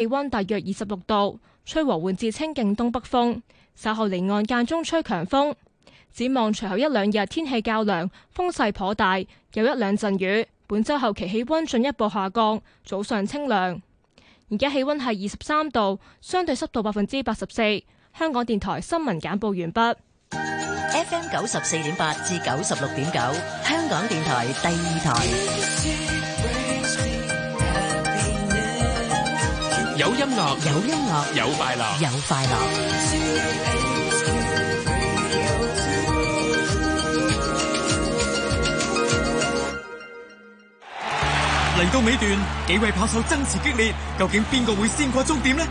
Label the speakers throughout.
Speaker 1: 氣溫大約二十六度，吹和緩至清勁東北風。稍後離岸間中吹強風。展望隨後一兩日天氣較涼，風勢頗大，有一兩陣雨。本週後期氣溫進一步下降，早上清涼。而家氣溫係二十三度，相對濕度百分之八十四。香港電台新聞簡報完畢。
Speaker 2: FM 九十四點八至九十六點九，香港電台第二台。
Speaker 3: 有音樂，有音樂，有快樂，有快樂。嚟到尾段，幾位跑手爭持激烈，究竟邊個會先
Speaker 1: 過終點呢？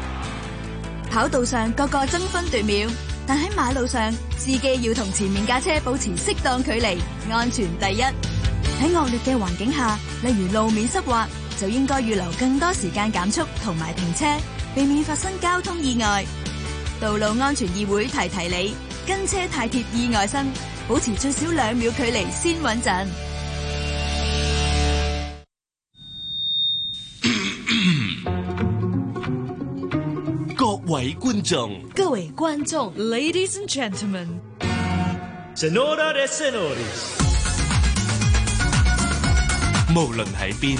Speaker 1: 跑道上個個爭分奪秒，但喺馬路上，司機要同前面架車保持適當距離，安全第一。喺惡劣嘅環境下，例如路面濕滑。就應該預留更多時間減速同埋停車，避免發生交通意外。道路安全議會提提你，跟車太貼意外身，保持最少兩秒距離先穩陣。
Speaker 3: 各位觀眾，
Speaker 2: 各位觀眾，Ladies and Gentlemen，
Speaker 4: 無論喺邊。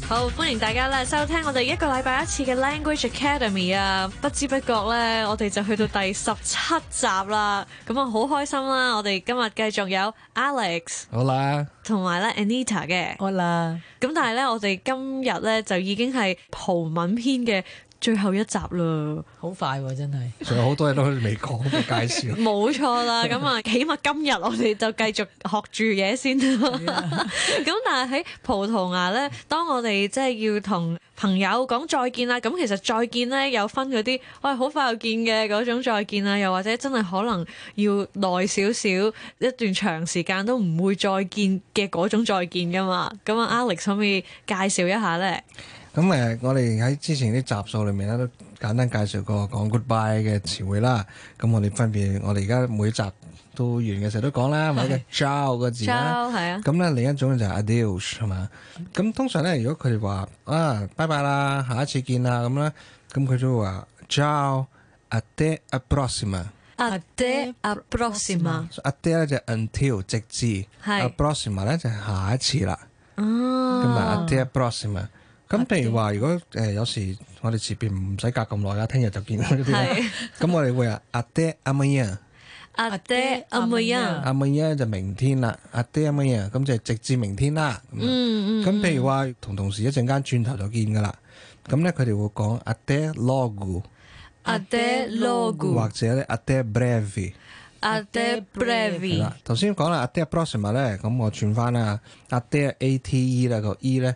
Speaker 2: 好，歡迎大家咧收聽我哋一個禮拜一次嘅 Language Academy 啊！不知不覺咧，我哋就去到第十七集啦。咁啊，好開心啦！我哋今日繼續有 Alex，好
Speaker 5: 啦 Hola.，
Speaker 2: 同埋咧 Anita 嘅，好啦。咁但係咧，我哋今日咧就已經係葡文篇嘅。最後一集啦，好快喎，啊，真係！
Speaker 5: 仲有好多嘢都未講嘅介紹，
Speaker 2: 冇錯啦。咁啊，起碼今日我哋就繼續學住嘢先咁 但係喺葡萄牙呢，當我哋即係要同朋友講再見啦。咁其實再見呢，有分嗰啲喂，好、哎、快又見嘅嗰種再見啊，又或者真係可能要耐少少一段長時間都唔會再見嘅嗰種再見噶嘛。咁啊，Alex 可唔可以介紹一下呢？
Speaker 5: 咁誒，我哋喺之前啲集數裏面咧，都簡單介紹過講 goodbye 嘅詞彙啦。咁我哋分別，我哋而家每集都完嘅時候都講啦。咁嘅 ciao 個字啦，咁咧另一種就係 adios 係嘛？咁通常咧，如果佢哋話啊，拜拜啦，下一次見啦，咁咧，咁佢就話 ciao，até a próxima，até
Speaker 2: a próxima，até
Speaker 5: 咧就 until 直至，a próxima 咧就下一次啦。
Speaker 4: 哦，咁啊 até
Speaker 5: a próxima。咁譬如話，如果誒、呃、有時我哋前面唔使隔咁耐啦，聽日就見嗰啲咧。咁我哋會啊 até amanhã 啊
Speaker 2: ，até amanhã 啊
Speaker 5: ，amanhã 咧就明天啦，até 乜嘢？咁就直至明天啦。嗯咁譬、嗯、如話同同事一陣間轉頭就見噶啦。咁咧佢哋會講 até logo，até
Speaker 2: logo，或
Speaker 5: 者咧 até breve，até
Speaker 2: 啊、breve、啊。啦、
Speaker 5: 啊。頭先講啦，até próxima 咧，咁我轉翻啦，até ate AT 啦、那個 e 咧。呢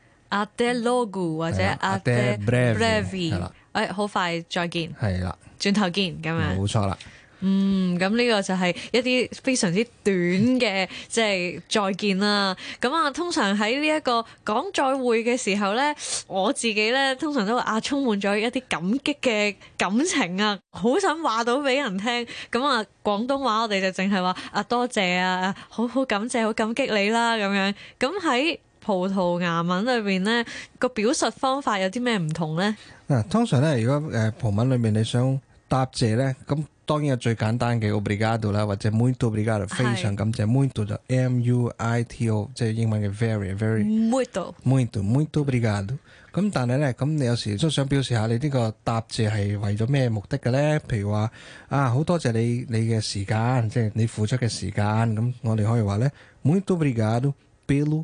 Speaker 2: 阿爹 logo 或者阿爹 Brave，哎，好快再見，係啦了，轉頭見咁樣，冇錯啦。嗯，咁呢個就係一啲非常之短嘅，即係再見啦。咁啊，通常喺呢一個講再會嘅時候咧，我自己咧通常都會啊充滿咗一啲感激嘅感情啊，好想話到俾人聽。咁啊，廣東話我哋就淨係話啊多謝啊，好好感謝，好感激你啦，咁樣。咁喺葡萄牙文裏面咧個表述方法有啲咩唔同咧？
Speaker 5: 嗱，通常咧，如果誒葡文裏面你想答謝咧，咁當然有最簡單嘅 obrigado 啦，或者 muito obrigado，非常感謝。muito 就 M-U-I-T-O，即係英文嘅 very，very。muito，muito，muito obrigado。咁但係咧，咁你有時都想表示下你呢個答謝係為咗咩目的嘅咧？譬如話啊，好多謝你你嘅時間，即係你付出嘅時間。咁我哋可以話咧，muito obrigado pelo。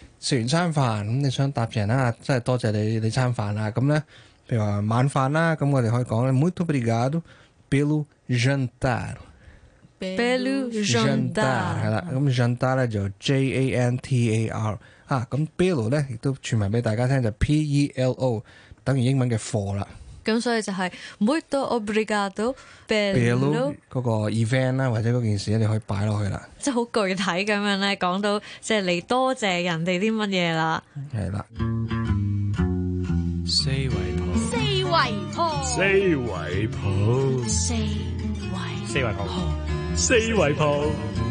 Speaker 5: 食完餐飯，咁你想答謝人啦，真係多謝你你餐飯啊。咁、啊、咧，譬如話晚飯啦、啊，咁、啊、我哋可以講咧，Muito obrigado pelo jantar,
Speaker 2: pelo jantar
Speaker 5: 係啦，咁 Jantar 咧就 J A N T A R，啊，咁 Pelo 咧亦都傳埋俾大家聽，就 P E L O 等於英文嘅 for 啦。
Speaker 2: 咁所以就係 Muito Obrigado Belo
Speaker 5: 嗰個 event 啦，或者嗰件事咧，你可以擺落去啦。
Speaker 2: 即係好具體咁樣咧，講到即係嚟多謝人哋啲乜嘢啦。
Speaker 5: 係啦。四
Speaker 4: 圍抱，四圍抱，四圍四圍，四圍四圍抱。四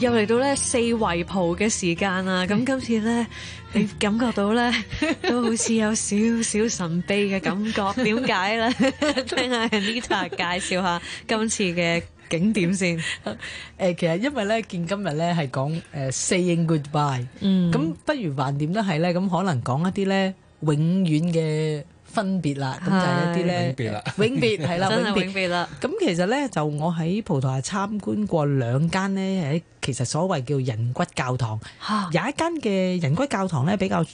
Speaker 2: 又嚟到咧四圍蒲嘅時間啦，咁今次咧你感覺到咧都好似有少少神秘嘅感覺，點解咧？ 聽，聽 An 下 Anita 介紹下今次嘅景點先。
Speaker 3: 誒，其實因為咧見今日咧係講誒 saying goodbye，嗯，咁不如橫掂都係咧，咁可能講一啲咧永遠嘅。分別啦，咁就係一啲咧，
Speaker 2: 永別啦，真係永別啦。
Speaker 3: 咁其實咧，就我喺葡萄牙參觀過兩間呢，喺其實所謂叫人骨教堂， 有一間嘅人骨教堂咧比較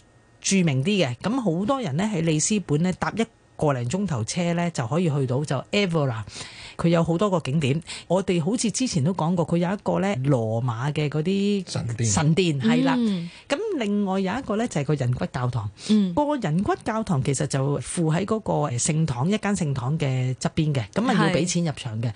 Speaker 3: 著名啲嘅，咁好多人呢，喺利斯本呢搭一個零鐘頭車呢就可以去到，就 Evora 佢有好多個景點。我哋好似之前都講過，佢有一個呢羅馬嘅嗰啲神殿，神殿係啦。咁、嗯、另外有一個呢就係個人骨教堂。嗯，個人骨教堂其實就附喺嗰個聖堂一間聖堂嘅側邊嘅，咁啊要俾錢入場嘅。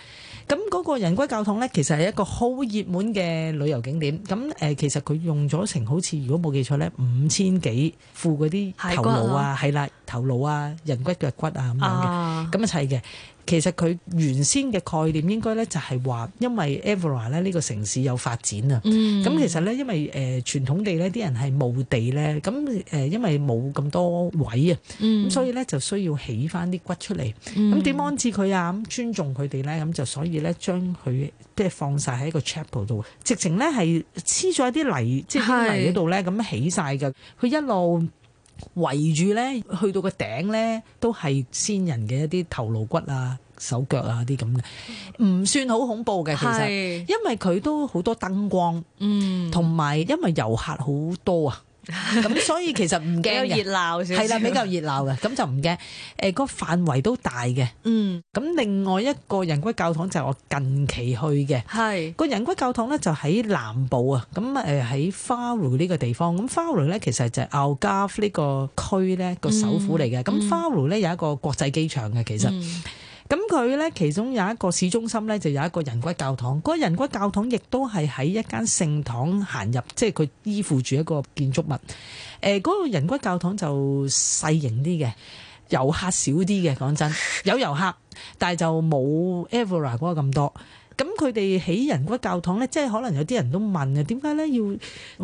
Speaker 3: 咁嗰的個人骨教堂呢，其實係一個好熱門嘅旅遊景點。咁誒其實佢用咗成好似如果冇記錯呢，五千幾副嗰啲頭腦啊，係啦頭腦啊人骨腳。吧吧骨啊咁樣嘅，咁一切嘅，其實佢原先嘅概念應該咧就係話，因為 Evora 咧呢個城市有發展啊，咁、嗯、其實咧因為誒傳統地咧啲人係墓地咧，咁誒因為冇咁多位啊，咁、嗯、所以咧就需要起翻啲骨出嚟，咁點、嗯、安置佢啊？咁尊重佢哋咧，咁就所以咧將佢即係放晒喺個 chapel 度，直情咧係黐咗一啲泥即係泥嗰度咧，咁起晒嘅，佢一路。圍住呢，去到個頂呢，都係先人嘅一啲頭顱骨啊、手腳啊啲咁嘅，唔算好恐怖嘅。其實，是因為佢都好多燈光，嗯，同埋因為遊客好多啊。咁所以其實唔驚熱鬧，係啦比較熱鬧嘅，咁就唔驚。誒，個範圍都大嘅。嗯，咁另外一個人骨教堂就係我近期去嘅。係個人骨教堂咧就喺南部啊，咁誒喺花魯呢個地方。咁花魯咧其實就係奧加弗呢個區咧個首府嚟嘅。咁花魯咧有一個國際機場嘅，其實。咁佢呢其中有一個市中心呢，就有一個人骨教堂。嗰、那個人骨教堂亦都係喺一間聖堂行入，即係佢依附住一個建築物。誒、呃，嗰、那個人骨教堂就細型啲嘅，遊客少啲嘅。講真，有遊客，但係就冇 Evora 嗰咁多。咁佢哋起人骨教堂咧，即係可能有啲人都問啊，點解咧要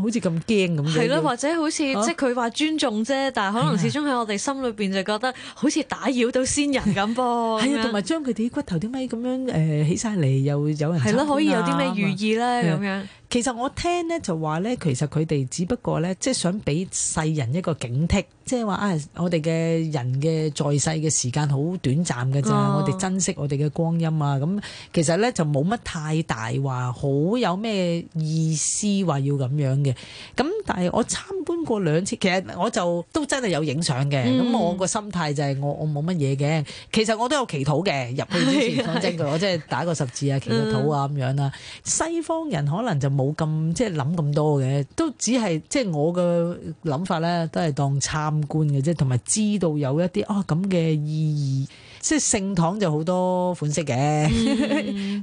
Speaker 3: 好似咁驚咁？係咯，或
Speaker 2: 者好似、啊、即係佢話尊重啫，但係可能始終喺我哋心裏邊就覺得好似打擾到先人咁噃。係啊，同埋
Speaker 3: 將佢哋啲骨頭點解咁樣誒、呃、起晒嚟，又有人係咯、啊，可以有啲咩寓意咧咁的樣？其實我聽呢就話呢，其實佢哋只不過呢，即係想俾世人一個警惕，即係話啊，我哋嘅人嘅在世嘅時間好短暫嘅咋，哦、我哋珍惜我哋嘅光陰啊。咁其實呢，就冇乜太大話，好有咩意思話要咁樣嘅。咁但係我參觀過兩次，其實我就都真係有影相嘅。咁、嗯、我個心態就係我我冇乜嘢嘅。其實我都有祈禱嘅，入去之前，的嗯、我即係打一個十字啊，祈個禱啊咁樣啦。西方人可能就冇咁即係諗咁多嘅，都只係即係我個諗法咧，都係當參觀嘅啫，同埋知道有一啲啊咁嘅意義。即係聖堂就好多款式嘅，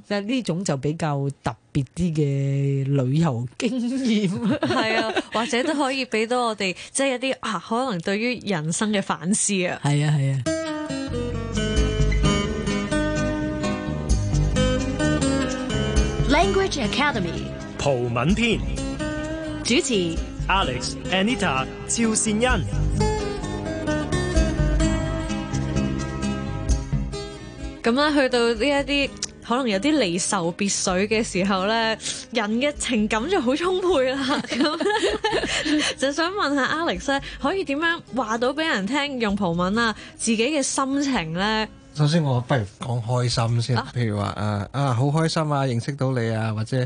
Speaker 3: 但係呢種就比較特別啲嘅旅遊
Speaker 2: 經驗。係 啊，或者都可以俾到我哋即係一啲啊，可能對於人生嘅反思 啊。係啊，係啊。
Speaker 4: Language Academy。葡文篇，主持 Alex、Anita、
Speaker 2: 趙善恩，咁咧，去到呢一啲可能有啲離愁別緒嘅時候咧，人嘅情感就好充沛啦。咁 就想問下 Alex 咧，可以點樣話到俾人聽用葡文啊？自己嘅心情咧？
Speaker 5: 首先我不如講開心先，譬如話，啊、誒啊啊，好開心啊，認識到你啊，或者。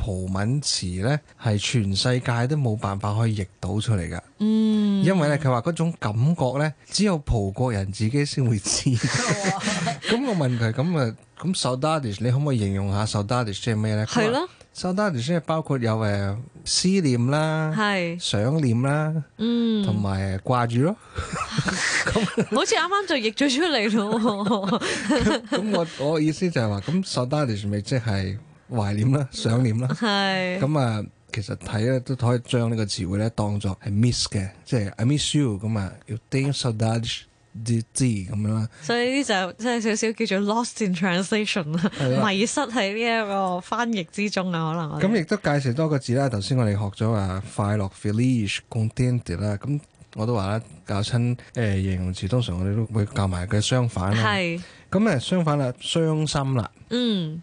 Speaker 5: 葡文詞咧係全世界都冇辦法可以譯到出嚟㗎，嗯，因為咧佢話嗰種感覺咧只有葡國人自己先會知道。咁 我問佢咁啊，咁 sadness 你可唔可以形容下、就是、sadness 即係咩咧？係咯 sadness 即係包括有誒、呃、思念啦，係是想念啦，念嗯，同埋掛住咯。
Speaker 2: 好似啱啱就譯咗出嚟咯。咁
Speaker 5: 我我,我意思就係、是、話，咁 sadness 咪即係？就是懷念啦，想念啦，
Speaker 4: 咁
Speaker 5: 係啊，其實睇咧都可以將呢個詞彙咧當作係 miss 嘅，即係 I miss you 咁啊要 didn't so much the day 咁啦。
Speaker 2: 所以呢啲就即係少少叫做 lost in translation 吧迷失喺呢一個翻譯之中啊，可能。咁亦
Speaker 5: 都介紹多個字啦。頭先我哋學咗話快樂 （felish）、content 啦，咁我都話啦，教親誒形容詞，通常我哋都會教埋佢相反啦。係係。咁誒相反啦，傷心啦。嗯。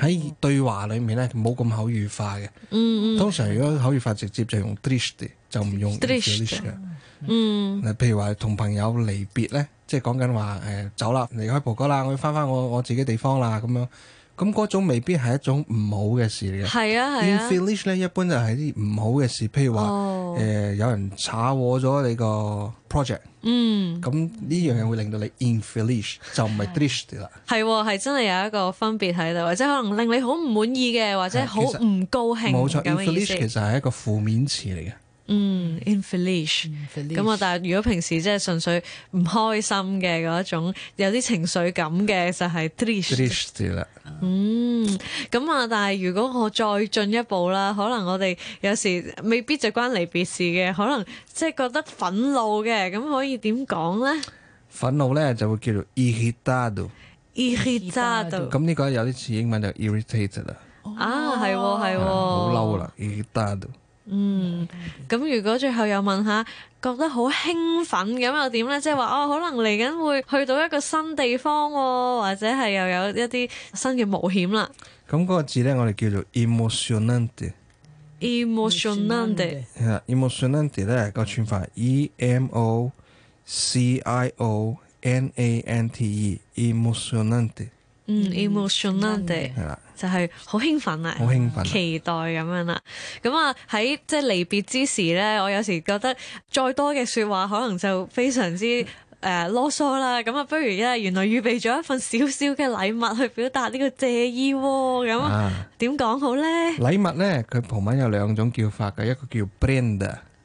Speaker 5: 喺對話裏面咧冇咁口語化嘅，嗯
Speaker 2: 嗯、通常
Speaker 5: 如果口語化直接就用 drish 嘅，就唔用 drish 嘅。嗯，
Speaker 4: 嗱，
Speaker 5: 譬如話同朋友離別咧，即係講緊話誒走啦，離開哥哥啦，我要翻翻我我自己地方啦咁樣。咁嗰種未必係一種唔好嘅事嚟嘅。係啊係啊。Inflish 咧一般就係啲唔好嘅事，譬如話誒、哦呃、有人炒鍋咗你個 project。嗯。咁呢樣嘢會令到你 inflish 就唔係 thrish 㗎啦。
Speaker 2: 係係，真係有一個分別喺度，或者可能令你好唔滿意嘅，或者好唔高興嘅意思。冇錯，inflish 其
Speaker 5: 實係一個負面詞嚟嘅。
Speaker 2: 嗯，inflict 咁啊！Mm, fl 但係如果平時即係純粹唔開心嘅嗰種，有啲情緒感嘅就係 triste 啦。嗯，咁啊！但係如果我再進一步啦，可能我哋有時未必就關離別事嘅，可能即係覺得憤怒嘅，咁可以點講呢？
Speaker 5: 憤怒咧就會叫做 irritado，irritado。咁呢個有啲似英文就 irritated 啦。
Speaker 2: Oh. 啊，係喎、哦，係喎、
Speaker 5: 哦，好嬲啦
Speaker 2: 嗯，咁如果最後又問下覺得好興奮咁又點咧？即係話哦，可能嚟緊會去到一個新地方，哦，或者係又有一啲新嘅冒險啦。咁
Speaker 5: 嗰、嗯嗰個字咧，我哋叫做
Speaker 2: emocionante，emocionante，
Speaker 5: 係啦，emocionante 咧嚟講串法 e m o c i o n a n t e 嗯，emocionante，
Speaker 2: 係啦。就係好興奮啊！興奮期待咁樣啦，咁啊喺即係離別之時咧，我有時覺得再多嘅説話可能就非常之誒囉、呃、嗦啦，咁啊不如咧原來預備咗一份小小嘅禮物去表達呢個謝意喎、哦，咁啊，點講好咧？
Speaker 5: 禮物咧，佢葡文有兩種叫法嘅，一個叫 brinde。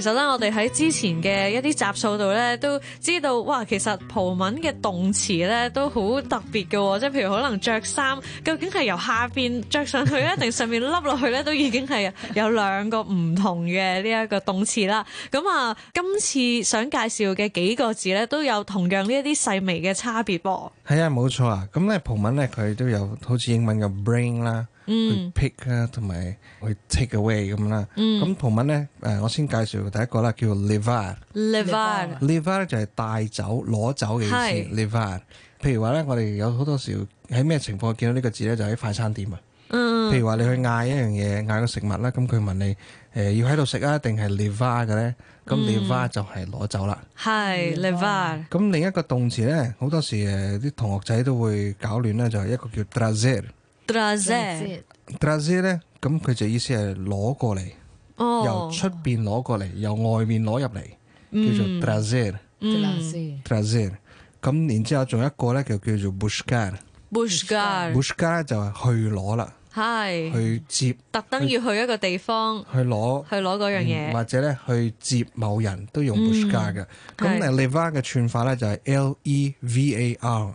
Speaker 2: 其實咧，我哋喺之前嘅一啲集數度咧，都知道哇，其實葡文嘅動詞咧都好特別嘅、哦，即係譬如可能着衫，究竟係由下邊着上去，咧，定上面笠落去咧，都已經係有兩個唔同嘅呢一個動詞啦。咁啊，今次想介紹嘅幾個字咧，都有同樣呢一啲細微嘅差別噃、哦。
Speaker 5: 係啊，冇錯啊。咁咧，葡文咧佢都有好似英文嘅 bring 啦。去 pick 啊，同埋去 take away 咁啦。咁同、嗯、文咧，誒我先介紹第一個啦，叫 levar。
Speaker 2: levar
Speaker 5: 咧就係帶走、攞走嘅意思。是 levar 譬如話咧，我哋有好多時喺咩情況見到呢個字咧，就喺快餐店啊。
Speaker 4: 譬、嗯、如
Speaker 5: 話你去嗌一樣嘢，嗌個食物啦，咁佢問你誒、呃、要喺度食啊，定係 levar 嘅咧？
Speaker 2: 咁、嗯、levar
Speaker 5: 就係攞走啦。
Speaker 2: 係是 levar。
Speaker 5: 咁另一個動詞咧，好多時誒啲同學仔都會搞亂咧，就係、是、一個叫 trazer。Trazer 咁佢就意思係攞過嚟，
Speaker 2: 由出
Speaker 5: 邊攞過嚟，由外面攞入嚟，叫做 Trazer。咁然之後仲有一個咧，就叫做 buscar。
Speaker 2: buscar，buscar
Speaker 5: 就係去攞啦，
Speaker 2: 係去
Speaker 5: 接，特登要去
Speaker 2: 一個地方
Speaker 5: 去攞，去
Speaker 2: 攞嗰樣嘢，或
Speaker 5: 者咧去接某人都用 buscar 嘅。咁嚟 levar 嘅串法咧就係 l-e-v-a-r。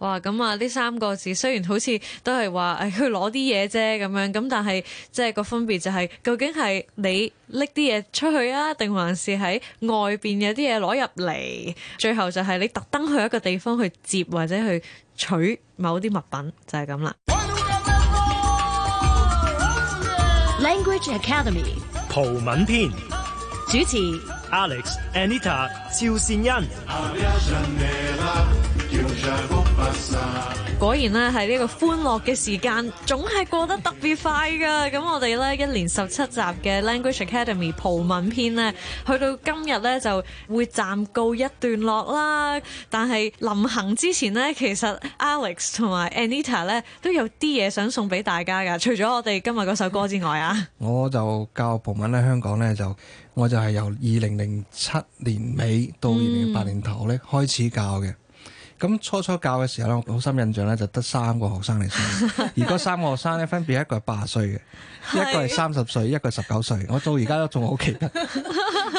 Speaker 2: 哇，咁啊！呢三個字雖然好似都係話誒去攞啲嘢啫咁樣，咁但係即係個分別就係，究竟係你拎啲嘢出去啊，定還是喺外邊有啲嘢攞入嚟？最後就係你特登去一個地方去接或者去取某啲物品，就係咁啦。Language Academy，
Speaker 4: 葡文篇，
Speaker 2: 主持 Alex、Anita、趙善恩。果然呢，喺呢個歡樂嘅時間，總係過得特別快噶。咁我哋呢，一連十七集嘅 Language Academy 葡文篇呢，去到今日呢，就會暫告一段落啦。但係臨行之前呢，其實 Alex 同埋 Anita 呢，都有啲嘢想送俾大家噶。除咗我哋今日嗰首歌之外啊，
Speaker 5: 我就教葡文呢香港呢，就我就係由二零零七年尾到二零零八年頭呢、嗯、開始教嘅。咁初初教嘅時候咧，我好深印象咧，就得三個學生嚟先。而嗰三個學生咧，分別一個係八歲嘅， 一個係三十歲，一個十九歲。 我到而家都仲好記得。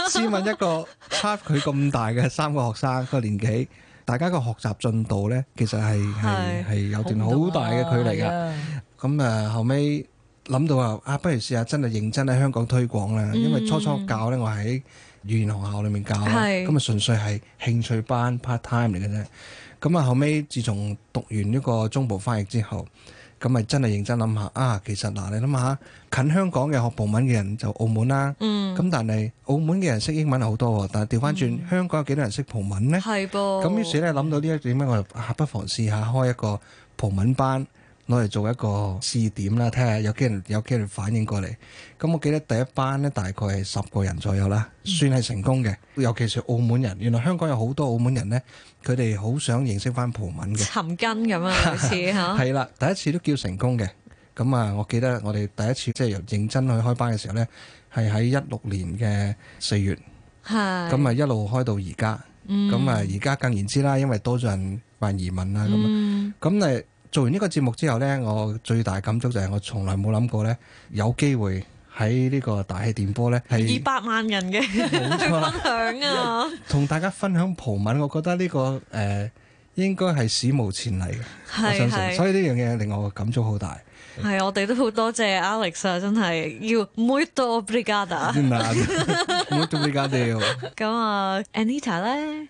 Speaker 5: 試問一個差佢咁大嘅三個學生，個年紀，大家個學習進度咧，其實係係係有段好大嘅距離噶。咁啊、 嗯，後尾諗到啊，啊，不如試下真係認真喺香港推廣啦。因為初初教咧，我喺語言學校裏面教，咁啊 是純粹係興趣班 part time 嚟嘅啫。咁啊，後尾自從讀完呢個中葡翻譯之後，咁咪真係認真諗下啊，其實嗱、啊，你諗下近香港嘅學葡文嘅人就澳門啦，咁、嗯、但係澳門嘅人識英文好多喎，但係調翻轉香港有幾多人識葡文呢？係噃吧，咁於是咧諗到呢一點咧，我、啊、就不妨試下開一個葡文班。攞嚟做一個試點啦，睇下有幾人有幾人反應過嚟。咁我記得第一班呢，大概係十個人左右啦，算係成功嘅。嗯、尤其是澳門人，原來香港有好多澳門人呢，佢哋好想認識返葡文嘅，尋
Speaker 2: 根咁啊，似吓。係
Speaker 5: 啦，第一次都叫成功嘅。咁啊，我記得我哋第一次即係、由、認真去開班嘅時候呢，係喺一六年嘅四月。係是。咁啊，一路開到而家。嗯。咁啊，而家更言之啦，因為多咗人辦移民啦，咁。嗯。咁嚟、嗯。做完呢個節目之後呢，我最大感觸就係我從來冇諗過呢，有機會喺呢個大氣電波呢，係二
Speaker 2: 百萬人嘅 分享啊！
Speaker 5: 同 大家分享葡文，我覺得呢、呢個誒、呃、應該係史無前例嘅，我相信。是所以呢樣嘢令我感觸好大。
Speaker 2: 係，我哋都好多謝 Alex 啊！真係要 Muito obrigada，Muito
Speaker 5: obrigada。
Speaker 2: 咁 啊、 uh，Anita 咧，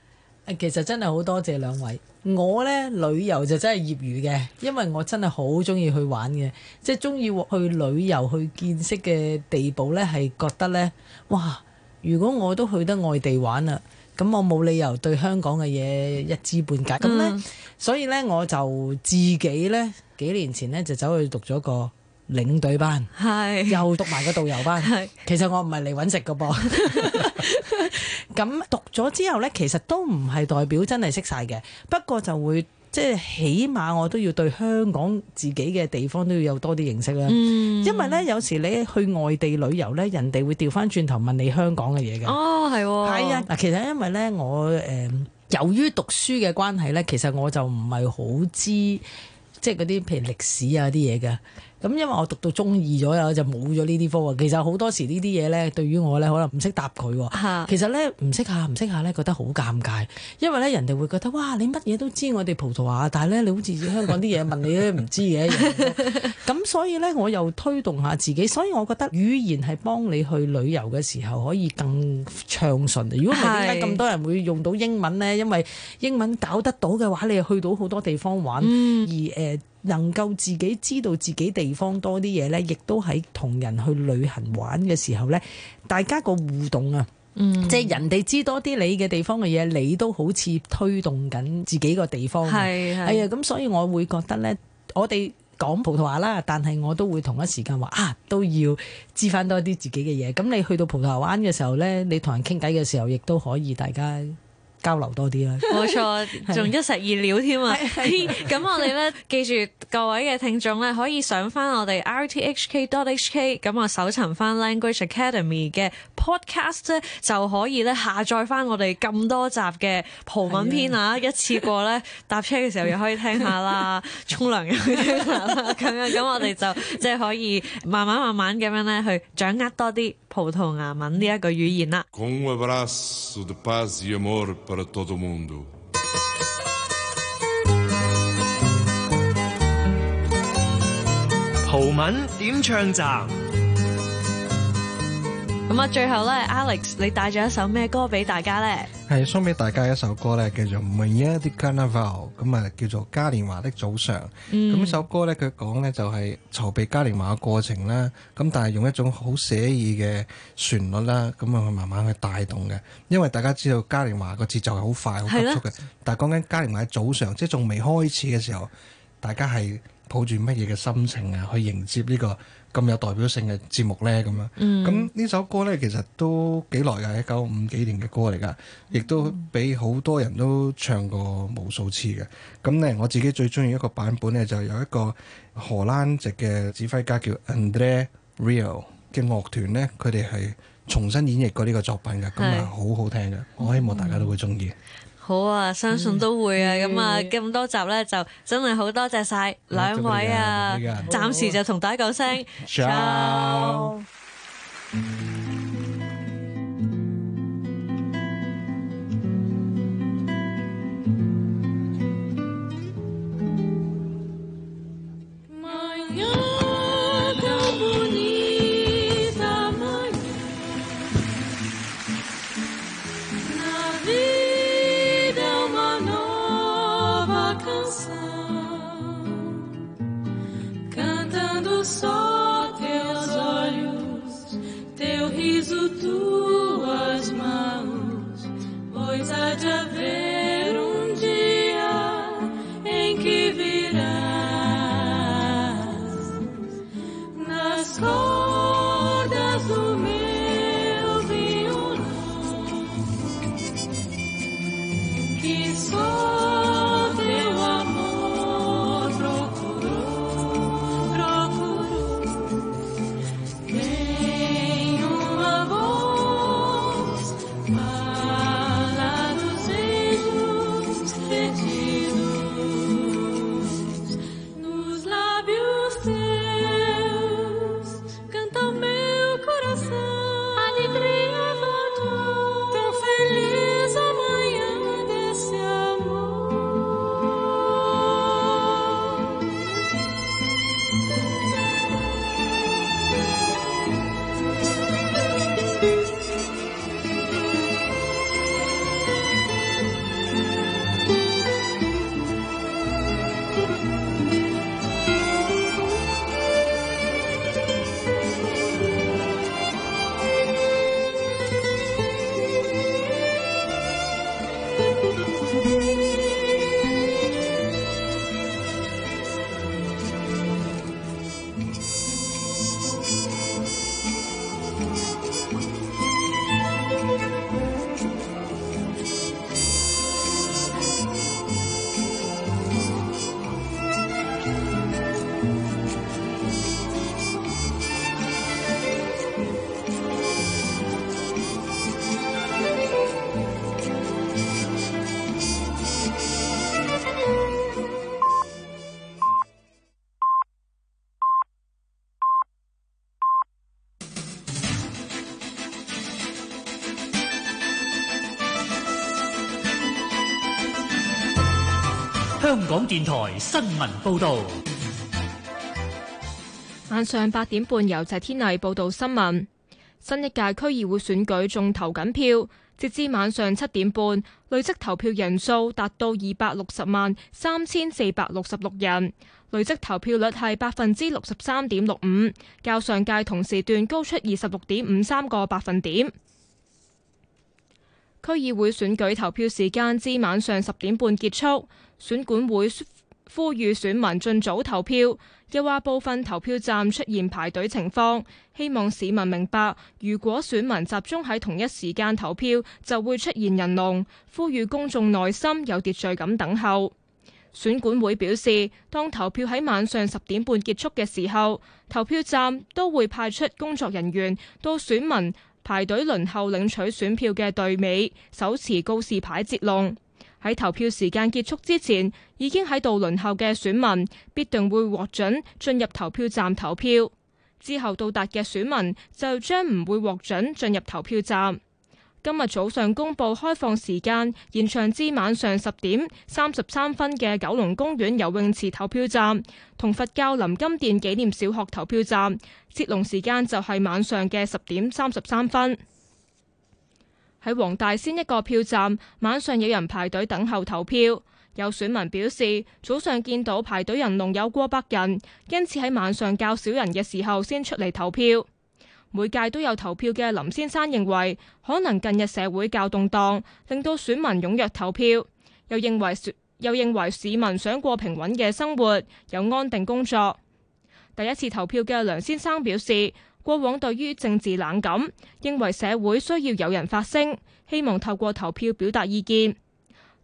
Speaker 3: 其實真係好多謝兩位。我呢旅遊就真係業餘嘅，因為我真係好中意去玩嘅，即係中意去旅遊去見識嘅地步呢係覺得呢：「哇！如果我都去得外地玩啦，咁我冇理由對香港嘅嘢一知半解。」咁、嗯、呢，所以呢，我就自己呢幾年前呢，就走去讀咗個領隊班係是又讀埋個導遊班，是其實我唔係嚟揾食嘅噃。咁 讀咗之後呢，其實都唔係代表真係識晒嘅，不過就會即係起碼我都要對香港自己嘅地方都要有多啲認識啦。嗯、因為呢，有時你去外地旅遊呢，人哋會調翻轉頭問你香港嘅嘢嘅。哦，
Speaker 2: 係喎、哦，係
Speaker 3: 啊。嗱，其實因為呢，我誒、呃、由於讀書嘅關係呢，其實我就唔係好知即係嗰啲譬如歷史啊啲嘢嘅。咁因為我讀到中二左右，我就冇咗呢啲科。其實好多時呢啲嘢呢，對於我呢，可能唔識答佢。的其實呢，唔識下唔識下呢，覺得好尷尬。因為呢，人哋會覺得哇，你乜嘢都知我哋葡萄牙，但係呢，你好似香港啲嘢問你咧唔知嘅一樣。咁 所以呢，我又推動下自己，所以我覺得語言係幫你去旅遊嘅時候可以更暢順。如果唔係點解咁多人會用到英文呢？因為英文搞得到嘅話，你去到好多地方玩，嗯、而誒。呃能夠自己知道自己地方多啲嘢呢，亦都喺同人去旅行玩嘅時候呢，大家個互動啊，嗯、即係人哋知多啲你嘅地方嘅嘢，你都好似推動緊自己個地方。係係。哎呀，咁所以我會覺得呢，我哋講葡萄牙啦，但係我都會同一時間話啊，都要知翻多啲自己嘅嘢。咁你去到葡萄牙玩嘅時候呢，你同人傾偈嘅時候，亦都可以大家。交流多啲啦，冇 錯，
Speaker 2: 仲一石二鳥添啊！咁 我哋咧，記住各位嘅聽眾咧，可以上翻我哋 rthk.hk，h 咁啊搜尋翻 Language Academy 嘅 podcast 咧，就可以咧下載翻我哋咁多集嘅葡文篇啊， 一次過咧搭車嘅時候又可以聽下啦，沖涼又可以聽下啦，咁樣咁我哋就即係可以慢慢慢慢咁樣咧去掌握多啲。葡萄牙文呢一個語言
Speaker 4: 啦。 葡文點唱站。
Speaker 2: 咁啊， 最後咧，Alex，你帶咗一首咩歌俾大家咧？
Speaker 5: 係送俾大家一首歌咧，叫做《Manhã de Carnaval》，咁啊叫做嘉年華的早上。咁呢、嗯、首歌咧，佢講咧就係籌備嘉年華嘅過程啦。咁但係用一種好寫意嘅旋律啦，咁啊慢慢去帶動嘅。因為大家知道嘉年華個節奏係好快，好急促嘅。的但係講緊嘉年華嘅早上，即係仲未開始嘅時候，大家係抱住乜嘢嘅心情啊去迎接呢、這個？咁有代表性嘅節目呢，咁樣、嗯，咁呢首歌呢，其實都幾耐嘅，一九五幾年嘅歌嚟噶，亦都俾好多人都唱過無數次嘅。咁呢，我自己最中意一個版本呢，就是、有一個荷蘭籍嘅指揮家叫 André Rieu 嘅樂團呢，佢哋係重新演繹過呢個作品嘅，咁啊好好聽嘅，我希望大家都會中意。嗯
Speaker 2: 好啊，相信都會啊，咁啊，咁多集呢，就真係好多謝晒兩位啊，暫時就同大家講聲。
Speaker 3: 香港電台新聞報道，
Speaker 1: 晚上八點半由謝天麗報道新聞。新一屆區議會選舉仲投緊票，截至晚上七點半，累積投票人數達到二百六十萬三千四百六十六人，累積投票率係百分之六十三點六五，較上屆同時段高出二十六點五三個百分點。區議會選舉投票時間至晚上十點半結束，選管會呼籲選民盡早投票，又話部分投票站出現排隊情況，希望市民明白，如果選民集中喺同一時間投票，就會出現人龍。呼籲公眾耐心有秩序咁等候。選管會表示，當投票喺晚上十點半結束嘅時候，投票站都會派出工作人員到選民。排隊輪候領取選票嘅隊尾手持告示牌截龍，喺投票時間結束之前已經喺度輪候嘅選民必定會獲准進入投票站投票，之後到達嘅選民就將唔會獲准進入投票站。今日早上公布開放時間，延長至晚上十點三十三分嘅九龍公園游泳池投票站，同佛教林金殿紀念小學投票站，接龍時間就係晚上嘅十點三十三分。喺黃大仙一個票站，晚上有人排隊等候投票，有選民表示早上見到排隊人龍有過百人，因此喺晚上較少人嘅時候先出嚟投票。每屆都有投票嘅林先生認為，可能近日社會較動盪，令到選民踴躍投票。又認為又認為市民想過平穩嘅生活，有安定工作。第一次投票嘅梁先生表示，過往對於政治冷感，認為社會需要有人發聲，希望透過投票表達意見。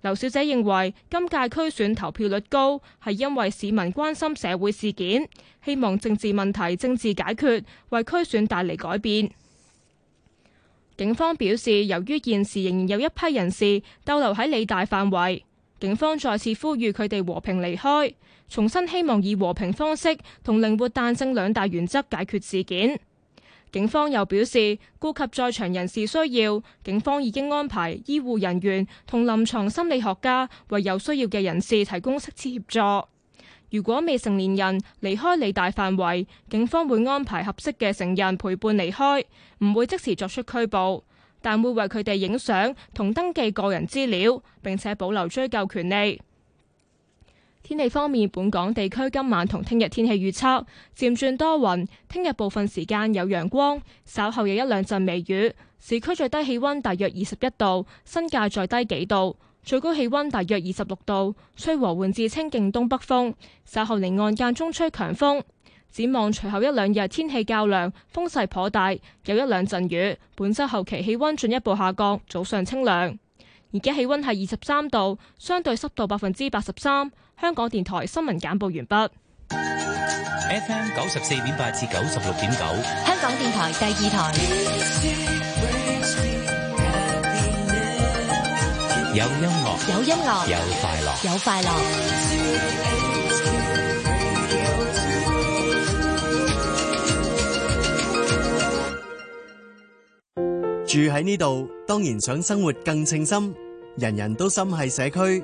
Speaker 1: 劉小姐認為今屆區選投票率高，係因為市民關心社會事件，希望政治問題政治解決，為區選帶嚟改變。警方表示，由於現時仍然有一批人士逗留喺理大範圍，警方再次呼籲佢哋和平離開，重新希望以和平方式同靈活彈性兩大原則解決事件。警方又表示，顧及在場人士需要，警方已經安排醫護人員同臨床心理學家為有需要嘅人士提供適切協助。如果未成年人離開理大範圍，警方會安排合適嘅成人陪伴離開，唔會即時作出拘捕，但會為佢哋影相同登記個人資料，並且保留追究權利。天氣方面，本港地區今晚同聽日天氣預測漸轉多雲，聽日部分時間有陽光，稍後有一兩陣微雨。市區最低氣溫大約二十一度，新界再低幾度，最高氣溫大約二十六度，吹和緩至清勁東北風，稍後離岸間中吹強風。展望隨後一兩日天氣較涼，風勢頗大，有一兩陣雨。本周後期氣溫進一步下降，早上清涼。而家氣溫係二十三度，相對濕度百分之八十三。香港電台新聞簡報完畢。FM
Speaker 4: 九十四點八至九十六點九，
Speaker 1: 香港電台第二台。
Speaker 4: 有音樂，有音樂，有快樂，有快樂。
Speaker 5: 住喺呢度，當然想生活更稱心，人人都心係社區。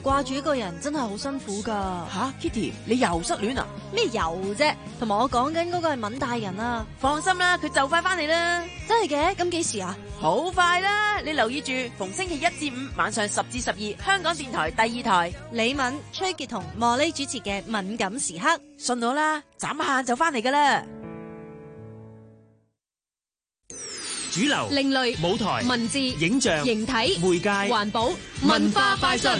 Speaker 4: 掛住一個人真係
Speaker 3: 好辛苦噶吓，Kitty 你又失戀啊？
Speaker 2: 咩又啫？同埋我講緊嗰個係敏大人啦，放心啦，佢就快翻嚟啦，真係嘅。咁幾時啊？好快啦，
Speaker 3: 你留意住，逢星期一至五晚上十至十二，香港電台第二台李敏、崔杰同莫莉主持嘅《敏感時刻》。信我啦，眨下就翻嚟噶啦。
Speaker 4: 主流、另類、舞台、文字、影像、形體、媒介、環
Speaker 2: 保、文化快訊。